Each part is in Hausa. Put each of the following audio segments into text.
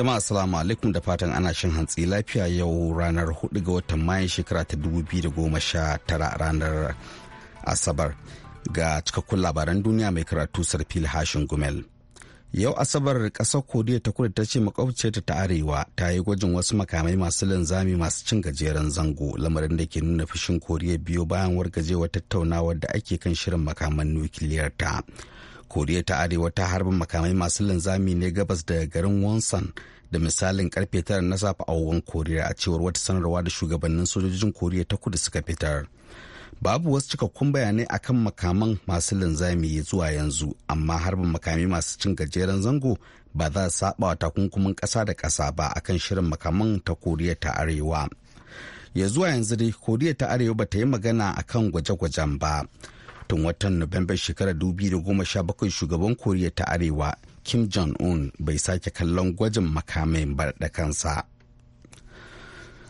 jama'a assalamu alaikum da fatan ana shin hantsi lafiya yau ranar 4 ga watan mayan shekara ta 2019 ranar asabar ga cikakkun labaran duniya mai karatu sarfil hashin gumel yau asabar kasar koriya ta kudu ta ce makwabciyarta ta arewa ta yi gwajin wasu makamai masu linzami masu cin gajeren zango lamarin da ke nuna fushin koriya biyu bayan wargajewar tattaunawar da ake kan shirin makaman nukiliyar ta. koriya ta arewa ta harba makamai masu linzami ne gabas da garin wonsan da misalin karfe tara na safe a koriya a cewar wata sanarwa da shugabannin sojojin koriya ta kudu suka fitar babu wasu cikakkun bayanai akan makaman masu linzami zuwa yanzu amma harbin makamai masu cin gajeren zango ba za a saba wa takunkumin ƙasa da ƙasa ba akan shirin makaman ta koriya ta arewa ya zuwa yanzu dai koriya ta arewa ba ta yi magana akan gwaje-gwajen ba watan watan Nuwamban shekarar 2017 shugaban Koriya ta Arewa Kim Jong-un bai sake kallon gwajin makamai bar da kansa.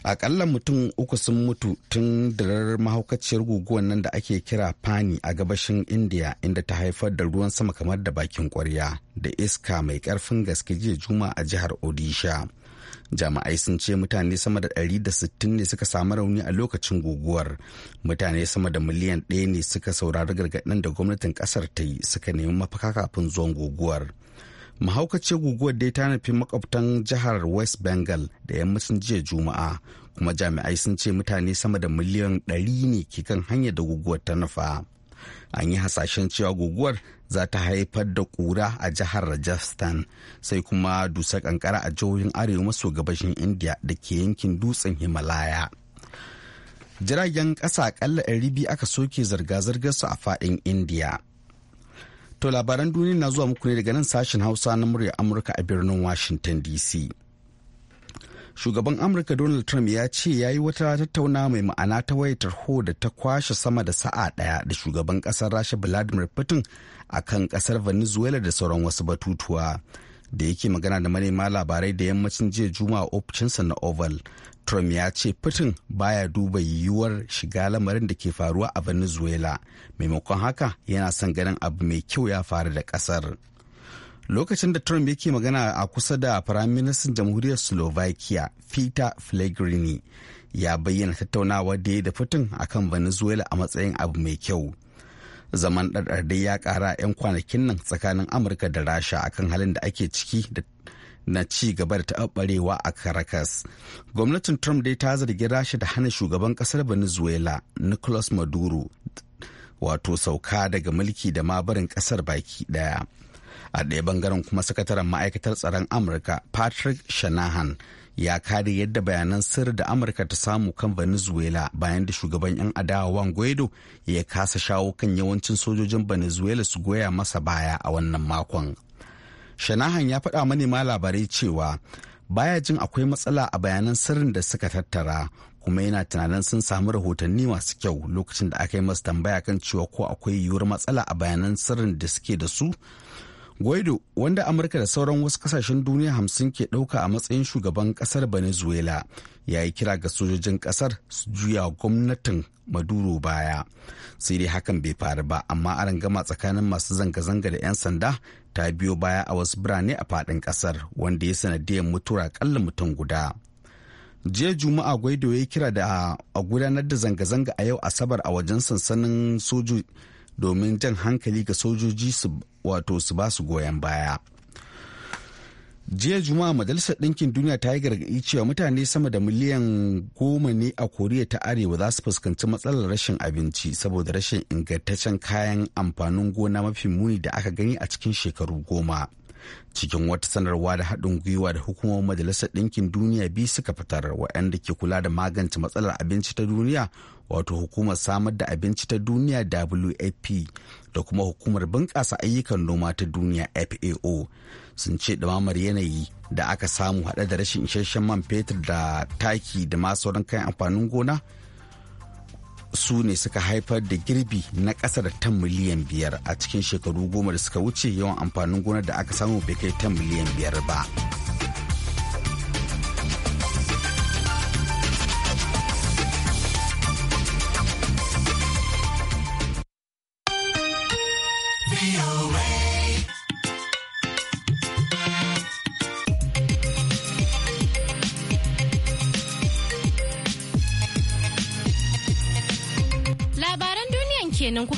akalla mutum uku sun mutu tun darar mahaukaciyar guguwar nan da ake kira fani a gabashin india inda ta haifar da ruwan sama kamar da bakin kwarya da iska mai karfin gaske jiya juma a jihar odisha jami'ai sun ce mutane sama da 160 ne suka samu rauni a lokacin guguwar mutane sama da miliyan ɗaya ne suka saurari gargaɗin da gwamnatin ƙasar ta yi suka nemi mafaka kafin zuwan guguwar mahaukacin guguwar dai ta nufi makwabtan jihar west bengal da yammacin jiya juma'a kuma jami'ai sun ce mutane sama da miliyan 100 ne ke kan hanyar da guguwar ta nufa. an yi hasashen cewa guguwar za ta haifar da kura a jihar rajasthan sai kuma dusa kankara a jihohin arewa maso gabashin indiya da ke yankin dutsen himalaya jiragen ƙasa akalla 200 aka soke zarga zirgar su a fadin indiya. to labaran duniya na zuwa muku ne daga nan sashen hausa na murya amurka a birnin washington dc shugaban amurka donald trump ya ce ya yi wata tattauna mai ma'ana ta wayatar ho da ta kwashe sama da sa'a daya da shugaban kasar rasha vladimir putin a kan kasar venezuela da sauran wasu batutuwa da yake magana da manema labarai da yammacin jiya juma'a ofishinsa na oval trump ya ce putin baya duba yiwuwar shiga lamarin da ke faruwa a venezuela maimakon haka yana son ganin abu mai kyau ya faru da kasar. lokacin da trump yake magana a kusa da firaministan jamhuriyar slovakia peter flegrini ya bayyana tattaunawa da ya da fitin akan venezuela a matsayin abu mai kyau zaman ɗarɗarɗe ya ƙara 'yan kwanakin nan tsakanin amurka da rasha akan halin da ake ciki da na ci gaba da taɓarewa a caracas gwamnatin trump dai ta zargi rasha da hana shugaban ƙasar venezuela nicolas maduro wato sauka daga mulki da ma barin ƙasar baki ɗaya. a ɗaya bangaren kuma sakataren ma'aikatar tsaron amurka patrick shanahan ya kare yadda bayanan sirri da amurka ta samu kan venezuela bayan da shugaban 'yan adawa juan guaido ya kasa shawo kan yawancin sojojin venezuela su goya masa baya a wannan makon shanahan ya faɗa manema labarai cewa baya jin akwai matsala a bayanan sirrin da suka tattara kuma yana tunanin sun samu rahotanni masu kyau lokacin da aka yi masu tambaya kan cewa ko akwai yiwuwar matsala a bayanan sirrin da suke da su Guaido wanda Amurka da sauran wasu kasashen duniya hamsin ke ɗauka a matsayin shugaban ƙasar Venezuela ya yi kira ga sojojin ƙasar su juya gwamnatin Maduro baya. Sai dai hakan bai faru ba amma a gama tsakanin masu zanga-zanga da 'yan sanda ta biyo baya a wasu birane a faɗin ƙasar wanda ya sanadiyar mutura ƙalla mutum guda. jiya juma'a gwaido ya yi kira da a gudanar da zanga-zanga a yau asabar a wajen sansanin sojoji domin jan hankali ga sojoji su wato su ba su goyon baya jiya juma'a majalisar ɗinkin duniya ta yi gargaɗi cewa mutane sama da miliyan goma ne a koriya ta arewa za su fuskanci matsalar rashin abinci saboda rashin ingantaccen kayan amfanin gona mafi muni da aka gani a cikin shekaru goma cikin wata sanarwa da haɗin gwiwa da hukumar majalisar ɗinkin duniya biyu suka fitar waɗanda ke kula da magance matsalar abinci ta duniya wato hukumar samar da abinci ta duniya wfp da kuma hukumar bunƙasa ayyukan noma ta duniya fao sun ce ɗumamar yanayi da aka samu haɗe da rashin isasshen man fetur da taki da ma sauran kayan amfanin gona su ne suka haifar da girbi na ƙasa da tan miliyan biyar a cikin shekaru goma da suka wuce yawan amfanin gonar da aka samu bai kai tan miliyan biyar ba.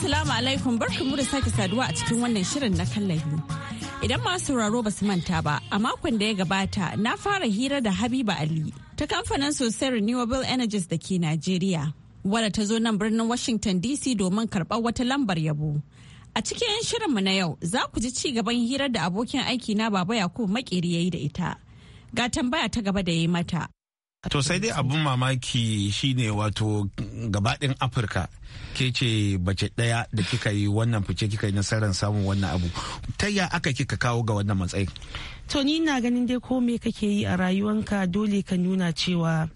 Assalamu alaikum barkamu da sake saduwa a cikin wannan shirin na kallabi. Idan masu sauraro ba su manta ba, a makon da ya gabata na fara hira da Habiba Ali ta kamfanin sosai Renewable Energies da ke Najeriya, wadda ta zo nan birnin Washington DC domin karɓar wata lambar yabo. A cikin shirin mu na yau za ku ji ci gaban hirar da abokin aiki na Baba Yakubu Makeri ya yi da ita. Ga tambaya ta gaba da ya yi mata. To sai dai abun mamaki shine wato gabaɗin Afirka ke ce bace ɗaya da kika yi wannan fice kika yi nasarar samun wannan abu. Ta ya aka kika kawo ga wannan matsayin? To ni na ganin dai ko me kake yi a rayuwanka dole ka nuna cewa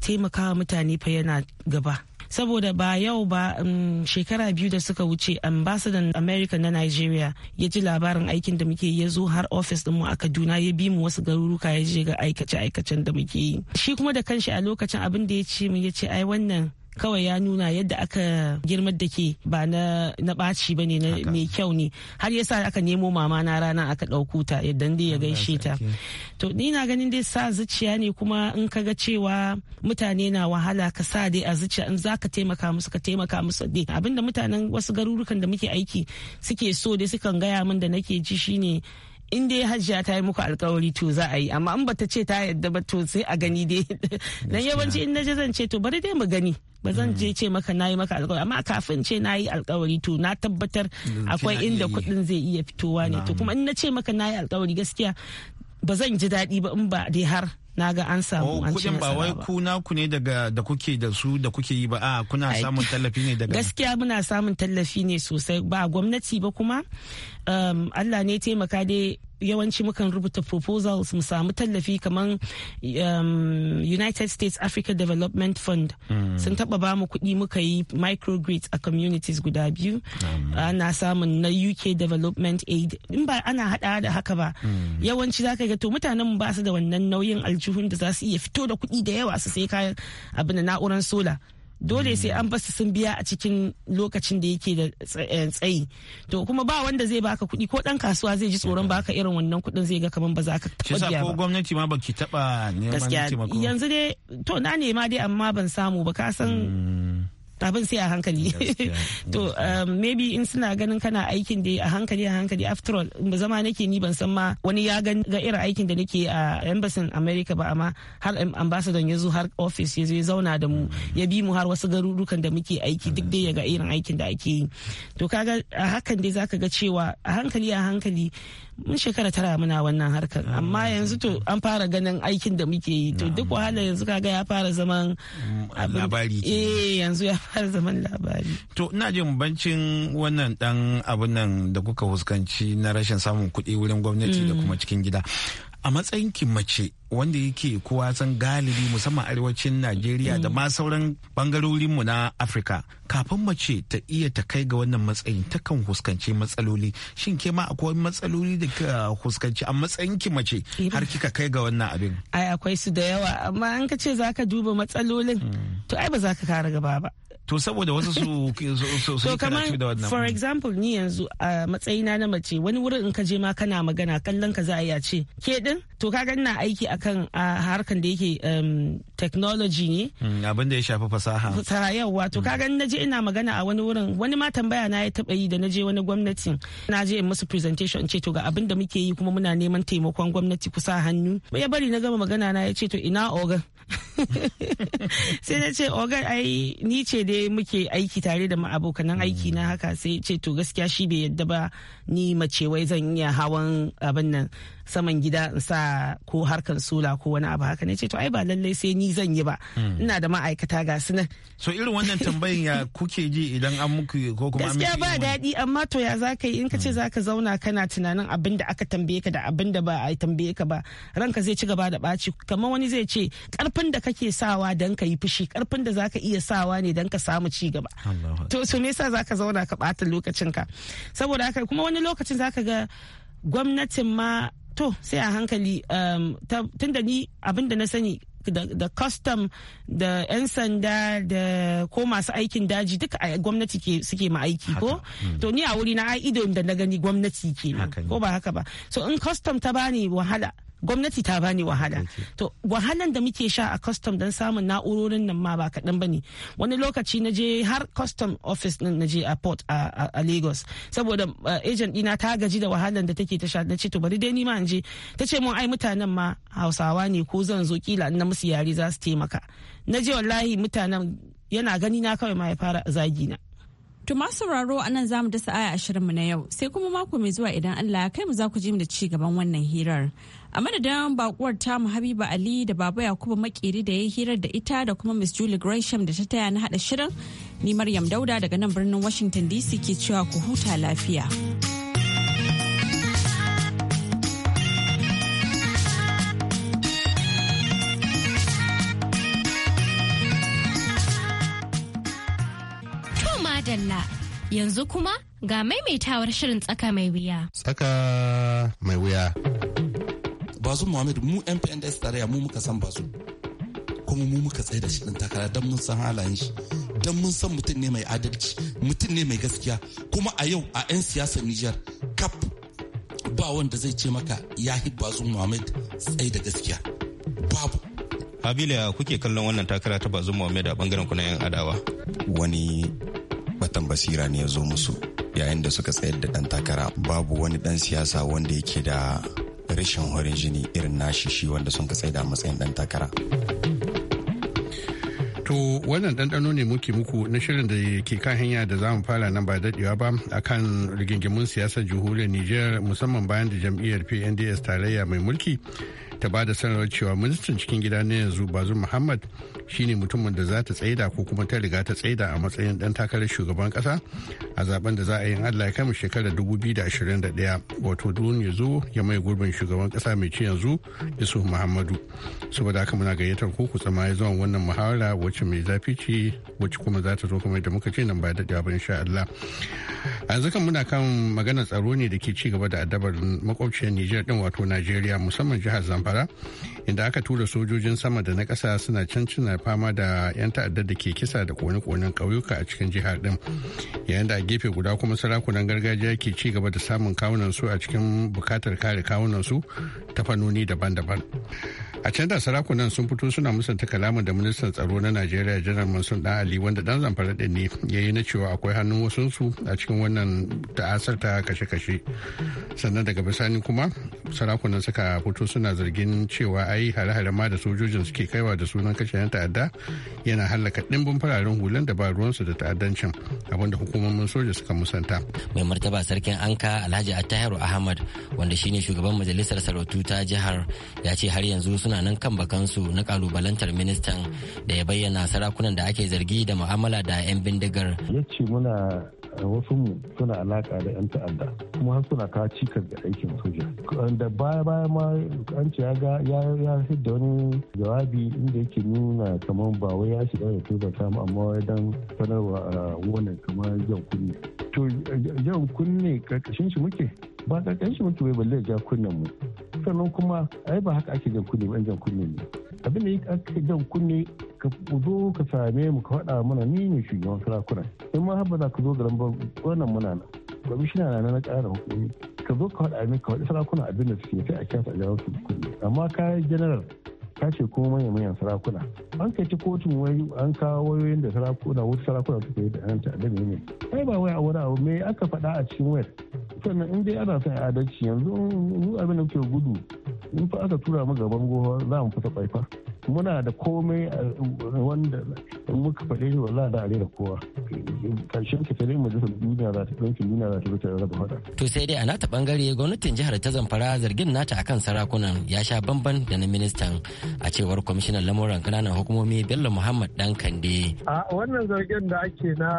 taimakawa mutane fa yana gaba. saboda ba yau ba um, shekara biyu da suka wuce ambasadan america na nigeria ya ji labarin aikin da muke ya zo har ofis mu a kaduna ya bi mu wasu garuruka ya je ga aikace aikacen da muke yi shi kuma da kanshi a lokacin abin da ya ce mu ya ce ai wannan kawai ya nuna yadda aka girma da ke ba na ɓaci ba ne mai kyau ne har yasa aka nemo mama na rana aka ɗauko ta yadda dai ya gaishe ta to ni na ganin dai sa zuciya ne kuma in ka ga cewa mutane na wahala ka sa dai a zuciya in za ka taimaka musu ka taimaka musu dai abinda mutanen wasu garurukan da muke aiki suke so dai sukan gaya min da nake ji shine in dai hajiya ta yi muku alkawari to za a yi amma in bata ce ta yadda ba to sai a gani dai dan yawanci in naje zan ce to bari dai mu gani ba zan mm. je ce maka nayi maka alkawari amma kafin ce nayi alkawari to na tabbatar akwai inda kuɗin zai iya fitowa ne to kuma in na ce maka nayi alkawari gaskiya ba zan ji daɗi ba in ba dai har na ga an samu oh, an ci ba wai ku naku ne daga da kuke da su da kuke yi ba a kuna samun tallafi ne daga gaskiya muna samun tallafi ne sosai ba gwamnati ba kuma um, Allah ne taimaka dai yawanci mukan rubuta proposals mu samu tallafi kamar um, united states africa development fund mm. sun taba ba mu kuɗi muka yi microgrids a communities guda biyu ana samun na uk development aid in ba ana hada da haka ba mm. yawanci zaka ga to mutanen ba su da wannan nauyin aljihun da za su iya fito da kuɗi da yawa su sai kayan abin da na'urar sola dole sai an basu sun biya a cikin lokacin da yake da eh, tsayi to kuma ba wanda zai baka kuɗi ko dan kasuwa zai ji tsoron baka irin wannan kuɗin zai ga kaman ba za ka taɓa biya ba ko gwamnati ma baki taɓa neman taimako yanzu dai to na nema dai amma ban samu ba ka san hmm. tafin sai a hankali to um, maybe in suna ganin kana aikin da a hankali a hankali after all zama nake ni ban san ma wani ya ga irin aikin da nake a embassy america ba amma har ambassador ya zo har office ya zo ya zauna da mu ya bi mu har wasu garurukan da muke aiki duk dai ya ga irin aikin da ake yi to kaga a hakan dai zaka ga cewa a hankali a hankali mun shekara tara muna wannan harkar ah, amma yanzu to an fara ganin aikin da muke yi to duk wahala yanzu kaga ya fara zaman mm, labari eh yanzu ya har zaman labari. To ina jin bancin wannan dan abun nan da kuka fuskanci na rashin samun kuɗi wurin gwamnati da mm. kuma cikin gida. A matsayin mace wanda yake kowa san galibi musamman arewacin Najeriya da mm. ma sauran bangarorinmu na Afirka kafin mace ta iya ta kai ga wannan matsayin ta kan fuskanci matsaloli shin ke ma akwai matsaloli da ka fuskanci a matsayin ki mace har kika kai ga wannan abin ai akwai su da yawa amma an ka ce za ka duba matsalolin mm. to ai ba za ka kara gaba ba to saboda wasu su su karatu da for example ni yanzu a matsayina na mace wani wurin in ka je ma kana magana kallon ka za a iya ce ke din to ka aiki akan harkan da yake um, technology ne hmm, abin da ya shafi fasaha fasaha yawa to ka na je ina magana a wani wurin wani ma tambaya na ya taba yi da na je wani gwamnati. na je in musu presentation ce to ga abin da muke yi kuma muna neman taimakon gwamnati kusa hannu ya bari na gama magana na ya ce to ina ogan sai na ce ogan ai ni ce dai muke aiki tare da abokanan hmm. aiki na haka sai ce to gaskiya shi bai yadda ba ni mace wai zan iya hawan abin nan saman gida in sa ko harkan sula ko wani abu haka ne ce to ai ba lallai sai ni zan yi ba hmm. ina da ma'aikata ga su nan so irin wannan tambayin ya kuke ji idan an muku ko kuma gaskiya ba daɗi amma to ya za ka yi in ka ce hmm. za ka zauna kana tunanin abin da aka tambaye ka da abin da ba a tambaye ka ba ranka zai ci gaba da ɓaci kamar wani zai ce karfin da kake sawa dan ka yi fushi karfin da zaka iya sawa ne dan ka samu ci gaba to ne me yasa ka zauna ka ɓata lokacinka. saboda haka kuma wani wani lokacin za ka ga gwamnatin ma to sai a hankali um, tun da ni abin da na sani da custom da 'yan sanda da ko masu aikin daji duka gwamnati gwamnati suke ma aiki ko hmm. to ni a wuri na ido da na gani gwamnati ke ko ba haka ba so in custom ta bani wahala gwamnati ta bani wahala to wahalan da muke sha a custom don samun na'urorin nan ma ba kaɗan ba ne wani lokaci na je har custom office nan na je a port a, lagos saboda uh, agent ɗina ta gaji da wahalan da take ta sha na ce to bari dai ni ma in je ta ce mun ai mutanen ma hausawa ne ko zan zo kila na musu yare za su taimaka na je wallahi mutanen yana gani na kawai ma ya fara zagi na To masu sauraro a nan za mu dasa aya mu na yau sai kuma mako mai zuwa idan Allah ya kai mu za ku ji mu da ci gaban wannan hirar. A madadin bakuwar ta mu Habiba Ali da Baba Yakubu Makeri da ya yi hirar da ita da kuma Miss Julie Gresham da ta taya na haɗa shirin. Ni Maryam Dauda daga nan birnin Washington DC ke cewa ku huta lafiya. Yanzu kuma ga maimaitawar shirin tsaka mai wuya. Tsaka mai wuya. Bazu Muhammad mu MPNDS tarayya mu muka san bazu. Kuma mu muka tsaye da shi ɗin takara don mun san halayen shi. Don mun san mutum ne mai adalci, mutum ne mai gaskiya. Kuma a yau a 'yan siyasar Nijar kap ba wanda zai ce maka ya bazu Muhammad tsaye da gaskiya. Babu. Habila kuke kallon wannan takara ta bazu Muhammad a bangaren kuna 'yan adawa. Wani batan basira ne ya zo musu yayin da suka tsayar da dan takara babu wani dan siyasa wanda yake da rashin horin jini irin nashi shi wanda sun ka da matsayin dan takara. To wannan ɗanɗano ne muke muku na shirin da ke kan hanya da za mu fara nan ba daɗewa ba akan kan rigingimun siyasar jihuriyar niger musamman bayan da jam'iyyar PNDS tarayya mai mulki ta ba da sanarwar cewa ministan cikin gida na yanzu bazu muhammad shine mutumin da za ta tsaida ko kuma ta riga ta tsaida a matsayin dan takarar shugaban kasa a zaben da za a yi allah ya shekara kama shekarar 2021 wato duniya ya zo ya mai gurbin shugaban kasa mai ci yanzu yusuf muhammadu saboda haka muna gayyatar ko ku tsama ya zuwa wannan muhawara wacce mai zafi ce wacce kuma za ta zo kamar da muka ce nan ba daɗewa ba insha allah yanzu kan muna kan maganar tsaro ne da ke ci gaba da addabar makwabciyar nijar din wato najeriya musamman jihar zamfara zamfara inda aka tura sojojin sama da na kasa suna can cina fama da 'yan ta'addar da ke kisa da kone-konen ƙauyuka a cikin jihar din yayin da a gefe guda kuma sarakunan gargajiya ke ci gaba da samun kawunan su a cikin bukatar kare kawunan su ta fannoni daban-daban a can da sarakunan sun fito suna musanta kalamin da ministan tsaro na najeriya janar mansun dan ali wanda dan zamfara din ne ya yi na cewa akwai hannun su a cikin wannan ta'asar ta kashe-kashe sannan daga bisani kuma sarakunan suka fito suna zargin cewa ai hare-hare ma da sojojin suke kaiwa da sunan kashe yan ta'adda yana hallaka dimbin fararen hulan da ba ruwansu da ta'addancin abinda hukumomin soja suka musanta mai martaba sarkin anka alhaji attahiru ahmad wanda shine shugaban majalisar sarautu ta jihar ya ce har yanzu suna nan kan bakansu na kalubalantar ministan da ya bayyana sarakunan da ake zargi da mu'amala da 'yan bindigar. Ya ce muna wasu mu suna alaka da 'yan ta'adda kuma har suna kawo cikar ga aikin soja. Da baya baya ma an ce ya ya da wani jawabi inda yake nuna kamar ba wai ya shiga da tuzata mu amma wai dan sanarwa a wannan kamar jan kunne. To jan kunne karkashin shi muke ba karkashin shi muke bai balle ja kunnen mu. sannan kuma ai ba haka ake jan kunne ba jan kunne ne abin da ake jan kunne ka zo ka same mu ka faɗa mana ni ne shugaban sarakuna in ma haɓa za ka zo garin wannan muna nan kwamishina na na ƙara hukumi ka zo ka faɗa min ka faɗi sarakuna abin da suke sai a kyasa a jawo su kunne amma ka yi general ce kuma manya manyan sarakuna an kai ta kotun wai an kawo wayoyin da sarakuna wasu sarakuna suka yi da yan ta'adda ne ai ba wai a wani abu me aka faɗa a cikin wayar sannan in dai ana son adalci yanzu in abin da kuke gudu in fa aka tura mu gaban gowa za mu fita tsaifa muna da komai eh, wanda muka faɗe shi wallahi da arena kowa karshen ka tare majalisar duniya za ta ɗauki duniya za ta rute raba faɗa. to sai dai a nata bangare gwamnatin jihar ta zamfara zargin nata akan sarakunan ya sha bamban da na ministan a cewar kwamishinan lamuran kananan hukumomi bello muhammad dan kande. a wannan zargin da ake na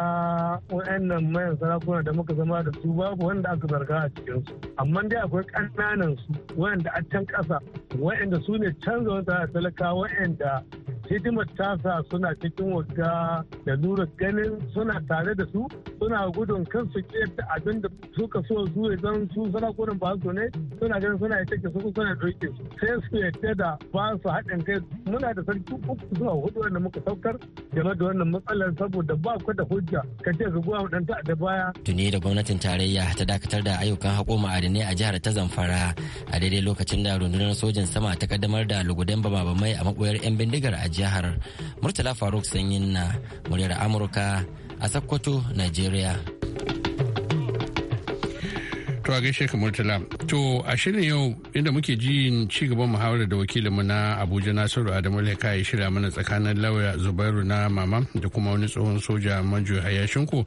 wayannan mayan sarakuna da muka zama da su babu wanda aka zarga a cikinsu amma dai akwai ƙananan su wayanda a can ƙasa wayanda su ne canza wata talaka and uh, hidimar tasa suna cikin wagga da lura ganin suna tare da su suna gudun kansu kiyarta abin da suka so su don su sarakunan ba su ne suna ganin suna yi take su suna ɗauke su sai su yadda da ba su haɗin kai muna da sarki uku zuwa hudu wanda muka saukar game da wannan matsalar saboda ba ku da hujja ka ce su goya ta da baya. tuni da gwamnatin tarayya ta dakatar da ayyukan haƙo ma'adanai a jihar ta zamfara a daidai lokacin da rundunar sojin sama ta kaddamar da lugudan bama-bamai a maɓoyar 'yan bindigar a jihar murtala faruk sanyin na muryar amurka a sakkwato nigeria To a gaishe ka Murtala. To a shirin yau inda muke jin ci gaban muhawarar da wakilinmu na Abuja Nasiru Adamu Leka ya shirya mana tsakanin lauya Zubairu na mama da kuma wani tsohon soja Manjo Hayashinku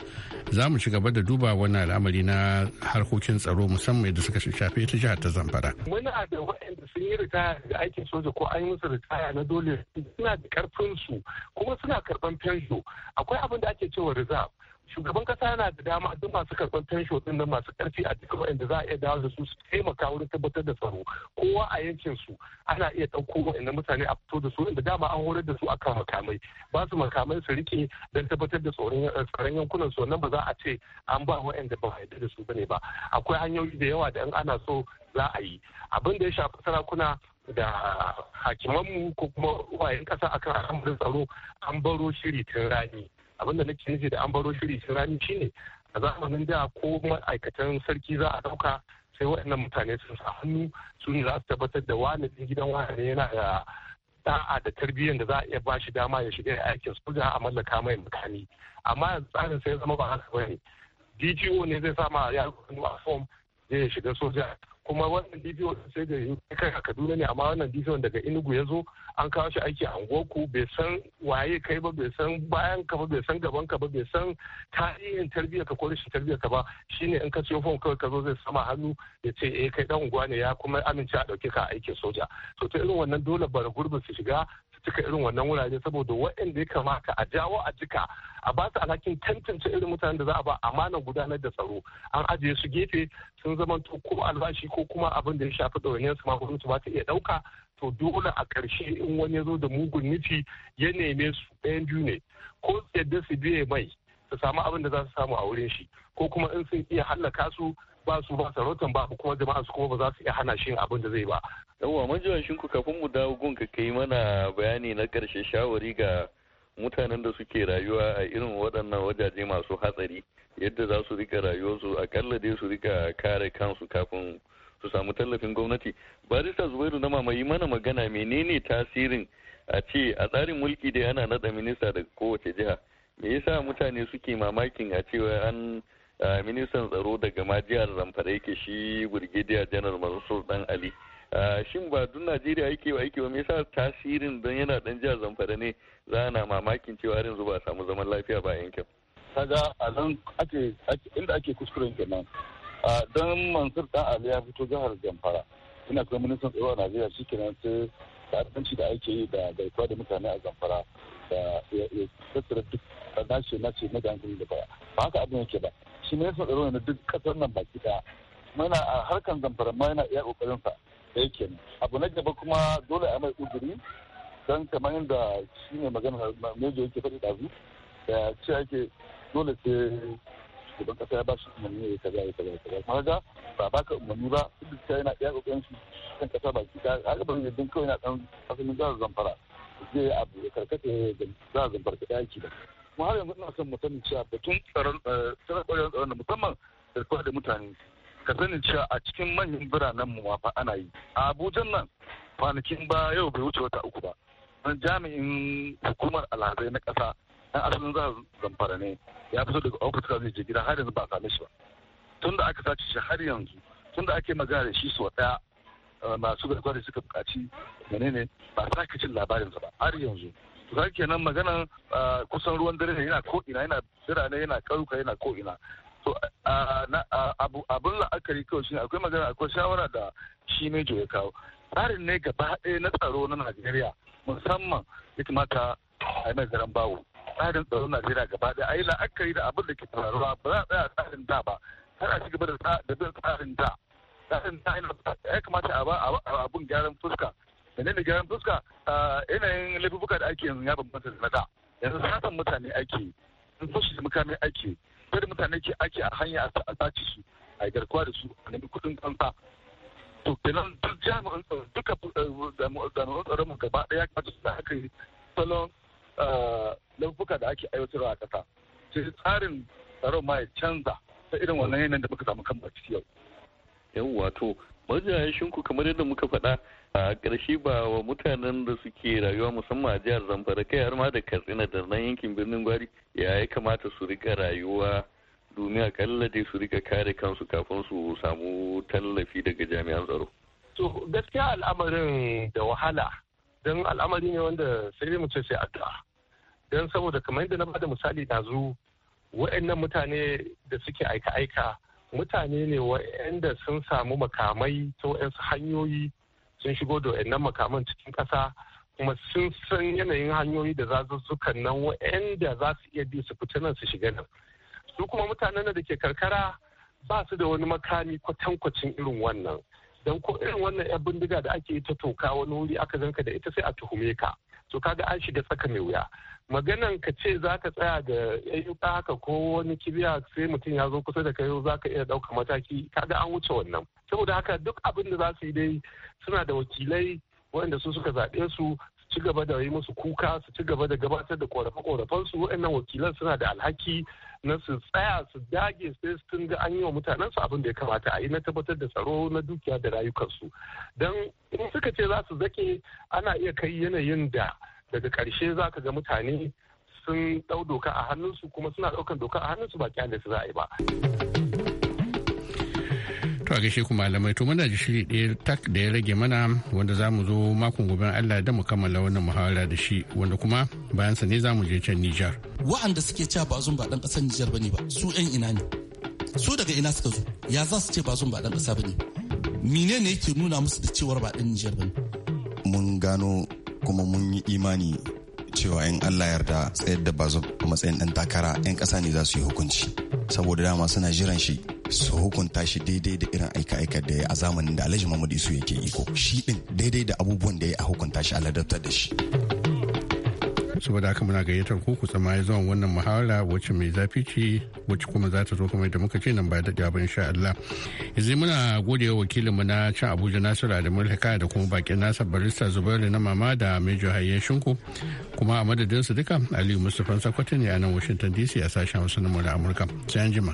za mu ci gaba da duba wannan al'amari na harkokin tsaro musamman da suka shafi ita jihar ta Zamfara. Muna da waɗanda sun yi ritaya da aikin soja ko an yi musu ritaya na dole suna da karfin su kuma suna karban fensho akwai abin da ake cewa reserve shugaban kasa yana da dama duk masu karɓar din nan masu karfi a cikin da za a iya dawo da su su taimaka wurin tabbatar da tsaro kowa a yankin su ana iya ɗauko waɗannan mutane a fito da su inda dama an horar da su a kan makamai ba su makamai su rike don tabbatar da eh, tsaron yankunan su nan ba za a ce an ba waɗanda ba yadda da su ba ne ba akwai hanyoyi da yawa da in ana so za a yi abin da ya shafi sarakuna da hakimanmu ko kuma wayan kasa akan al'amarin tsaro an baro shiri tun rani abin da nake nufi da an baro shiri shi ne a zamanin da ko ma'aikatan sarki za a dauka sai waɗannan mutane sun sa hannu su ne za su tabbatar da wani gidan wani yana da da'a da tarbiyyar da za a iya ba shi dama ya shiga aikin soja a mallaka mai mukami amma tsarin sai zama ba haka ne dgo ne zai sama ya a fom ya shiga soja kuma wannan in sai da kai a kaduna ne amma wannan dpo daga inugu ya zo an kawo shi aiki a unguwarku bai san waye kai ba bai san bayan ka ba bai san gaban ka ba bai san tarihin tarbiyyar ka ko rashin tarbiyyar ka ba shine in ka ciyo fon kawai ka zo zai sama hannu ya ce eh kai dan unguwa ne ya kuma amince a dauke ka aikin soja to ta irin wannan dole bara gurbin su shiga cika irin wannan wurare saboda waɗanda ya kamata a jawo a jika a ba su alhakin tantance irin mutanen da za a ba amanar gudanar da tsaro an ajiye su gefe sun zama to ko albashi ko kuma abin da ya shafi ɗawainiyar su ma gwamnati ba ta iya ɗauka to dole a ƙarshe in wani ya zo da mugun nufi ya neme su ɗayan biyu ne ko yadda su biye mai su samu abin da za su samu a wurin shi ko kuma in sun iya hallaka su ba su ba sarautan ba kuma jama'a su kuma ba za su iya hana shi abin da zai ba. Yawwa majiwan shinku kafin mu dawo ka kai mana bayani na ƙarshe shawari ga mutanen da suke rayuwa a irin waɗannan wajaje masu hatsari yadda za su rika rayuwarsu akalla dai su rika kare kansu kafin su samu tallafin gwamnati barista zubairu na mamayi mana magana menene tasirin a ce a tsarin mulki da ana nada minista daga kowace jiha me yasa mutane suke mamakin a cewa an ministan tsaro daga majiyar jihar zamfara yake shi burgidiya janar mansur dan ali shin ba duk najeriya yake wa yake ba me yasa tasirin don yana dan jihar zamfara ne za na mamakin cewa har yanzu samu zaman lafiya ba yankin kaga a nan ake inda ake kuskuren kenan don mansur dan ali ya fito jihar zamfara ina kuma ministan tsaro a najeriya shi kenan sai ta'addanci da ake yi da garkuwa da mutane a zamfara da ya tattara duk nace nace na gangan da baya ba haka abin yake ba shi ne sau tsaro na duk kasar nan baki daya mana a harkan zamfara ma yana iya kokarin sa da yake abu na gaba kuma dole a mai uzuri don kamar yadda shi ne magana mejo yake faɗi ɗazu da ce ake dole sai shugaban kasa ya ba shi umarni ya kaza ya kaza ya kaza kuma ga ba baka umarni ba duk da cewa yana iya kokarin shi kan kasa baki daya haka ban yadda kawai yana ɗan asalin jihar zamfara zai abu ya karkata ya zamfara ta ɗaki da mu har yanzu ina son mu sani cewa batun tsaron eh, tsaron da musamman da da mutane ka sani cewa a cikin manyan biranen mu ma fa ana yi a Abuja nan kwanakin ba yau bai wuce wata uku ba wani jami'in hukumar alhazai na ƙasa ɗan asalin za zamfara ne ya fito daga ofis zai je gida har yanzu ba a same shi ba tun da aka sace shi har yanzu tun da ake magana da shi sau ɗaya eh, masu garkuwa da suka buƙaci menene ba sa cin labarinsa ba har yanzu za nan maganan kusan ruwan dare yana ko'ina yana birane yana ƙauyuka yana ko'ina to abin la'akari kawai shine akwai magana akwai shawara da shi mejo ya kawo tsarin ne gaba ɗaya na tsaro na najeriya musamman ya kamata a yi mai bawo tsarin tsaro na najeriya gaba ɗaya a yi la'akari da abin da ke faruwa ba za a tsaya tsarin da ba kar a ci gaba da bin tsarin da tsarin da ya kamata a ba abin gyaran fuska menene gyaran fuska yanayin laifuka da ake yanzu ya bambanta da nada yanzu satan mutane ake sun fushi da mukamin ake sai da mutane ke ake a hanya a tsaci su a garkuwa da su a nemi kudin kansa to kenan duk jami'an tsaro duka eh, jami'an tsaron mu gaba ɗaya ka da haka salon laifuka da ake aiwatarwa a ƙasa sai tsarin tsaro ma ya canza ta irin wannan yanayin da muka samu kan ciki yau. yawwa to majiyashin shinku kamar yadda muka faɗa a ƙarshe ba wa mutanen da suke rayuwa musamman a jihar zamfara kai har ma da katsina da nan yankin birnin gwari ya ya kamata su rika rayuwa domin akalla dai su rika kare kansu kafin su samu tallafi daga jami'an tsaro to gaskiya al'amarin da wahala don al'amari ne wanda sai dai mu ce sai addu'a don saboda kamar yadda na bada misali zu wa'annan mutane da suke aika-aika mutane ne wa'anda sun samu makamai ta wa'ansu hanyoyi sun shigo da wa'annan makaman cikin ƙasa kuma sun san yanayin hanyoyi da zazuzzukan nan wa'anda za su iya bi su fita nan su shiga nan su kuma mutanen da ke karkara ba su da wani makami kwatankwacin irin wannan don ko irin wannan yan bindiga da ake ta toka wani wuri aka zanka da ita sai a tuhume ka to kaga an shiga tsaka mai wuya maganan ka ce za ka tsaya da ayyuka haka ko wani kibiya sai mutum ya zo kusa da kai za ka iya ɗauka mataki kaga an wuce wannan saboda haka duk abin da za su yi dai suna da wakilai waɗanda su suka zaɓe su ci gaba da yi musu kuka su ci gaba da gabatar da korafe-korafen su waɗannan wakilan suna da alhaki na su tsaya su dage sai su tunga an yi wa mutanen su abin da ya kamata a yi na tabbatar da tsaro na dukiya da rayukansu don in suka ce za su zake ana iya kai yanayin da daga ƙarshe za ka ga mutane sun ɗau doka a hannunsu kuma suna ɗaukan doka a hannunsu ba kyan da su za a yi ba. To a gaishe ku malamai to muna da shiri ɗaya tak da ya rage mana wanda za mu zo makon gobe Allah da mu kammala wannan muhawara da shi wanda kuma bayan sa ne za mu je can Nijar. Wa'anda suke cewa ba zun ba dan ƙasar Nijar bane ba su ƴan ina ne. Su daga ina suka zo ya za su ce ba zun ba dan kasa bane. Mine ne yake nuna musu da cewar ba dan Nijar bane. Mun gano kuma mun yi imani cewa in Allah yarda tsayar da bazum a matsayin dan takara 'yan ƙasa ne za su yi hukunci saboda dama suna jiran shi su hukunta shi daidai da irin aika-aika da ya a zamanin da alhaji mamadi isu yake iko shi din daidai da abubuwan da ya a hukunta shi aladabtar da shi saboda haka muna gayyatar ku ku ma ya wannan muhawara wacce mai zafi ce wacce kuma za ta zo kamar da muka ce nan ba daɗewa ba sha Allah yanzu muna gode wa wakilin mu na can Abuja Nasiru da Mulhaka da kuma bakin nasa barista Zubairu na mama da Major Hayyan Shinku kuma a madadin su duka Aliyu mustafa Sakwatin ne a nan Washington DC a sashen wasu na Amurka sai an jima.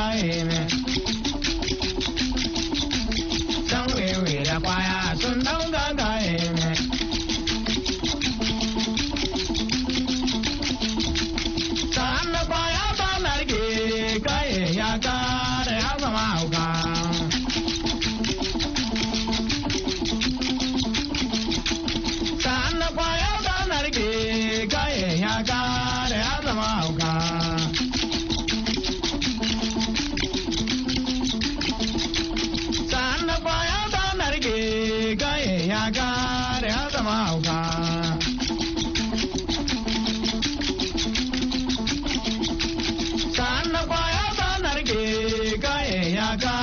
got.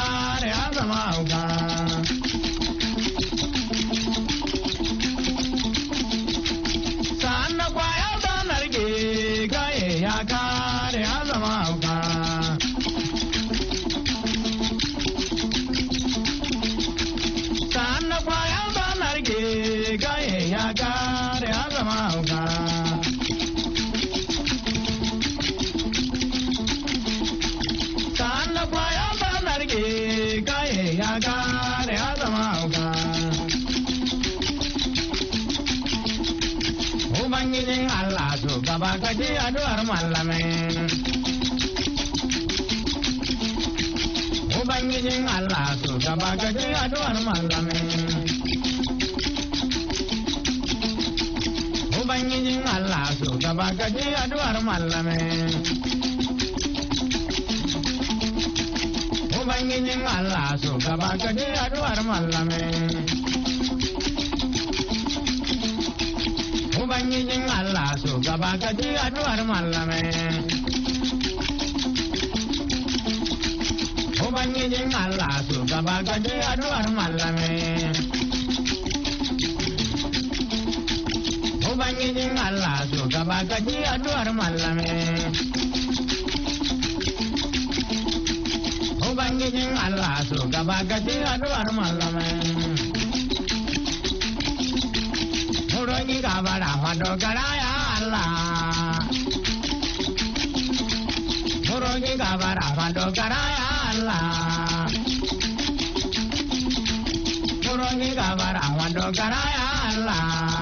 in Allah su gaba gajin addu'ar mallamin. Ubangijin Allah su gaba gajin addu'ar mallamin. Ubangijin Allah su gaba Ubangijin Allah su gaba Ubangijin Allah su gaba gaje addu'ar mallame. Ubangijin Allah su gaba addu'ar Ubangijin Allah su gaba addu'ar Allah. Allah. Turomi gabar a wando garaya Allah.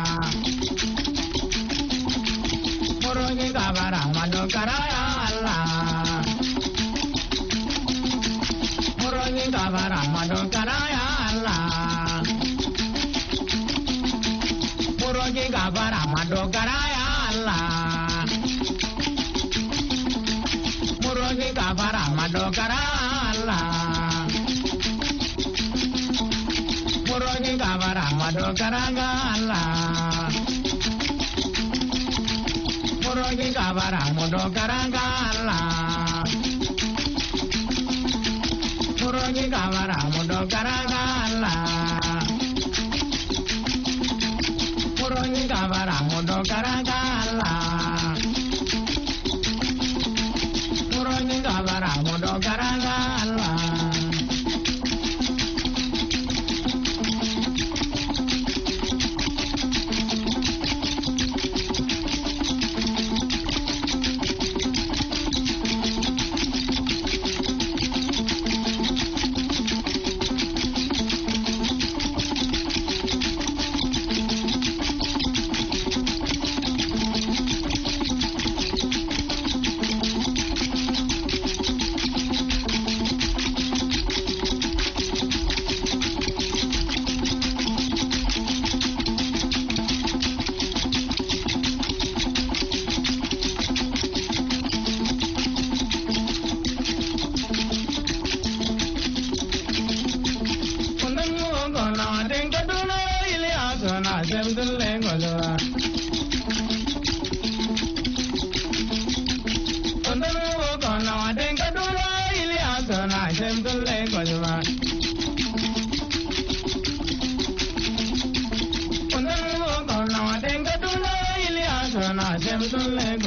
Mudogaranga garin birnin gwalma. Kunan mu gwamna wa dinga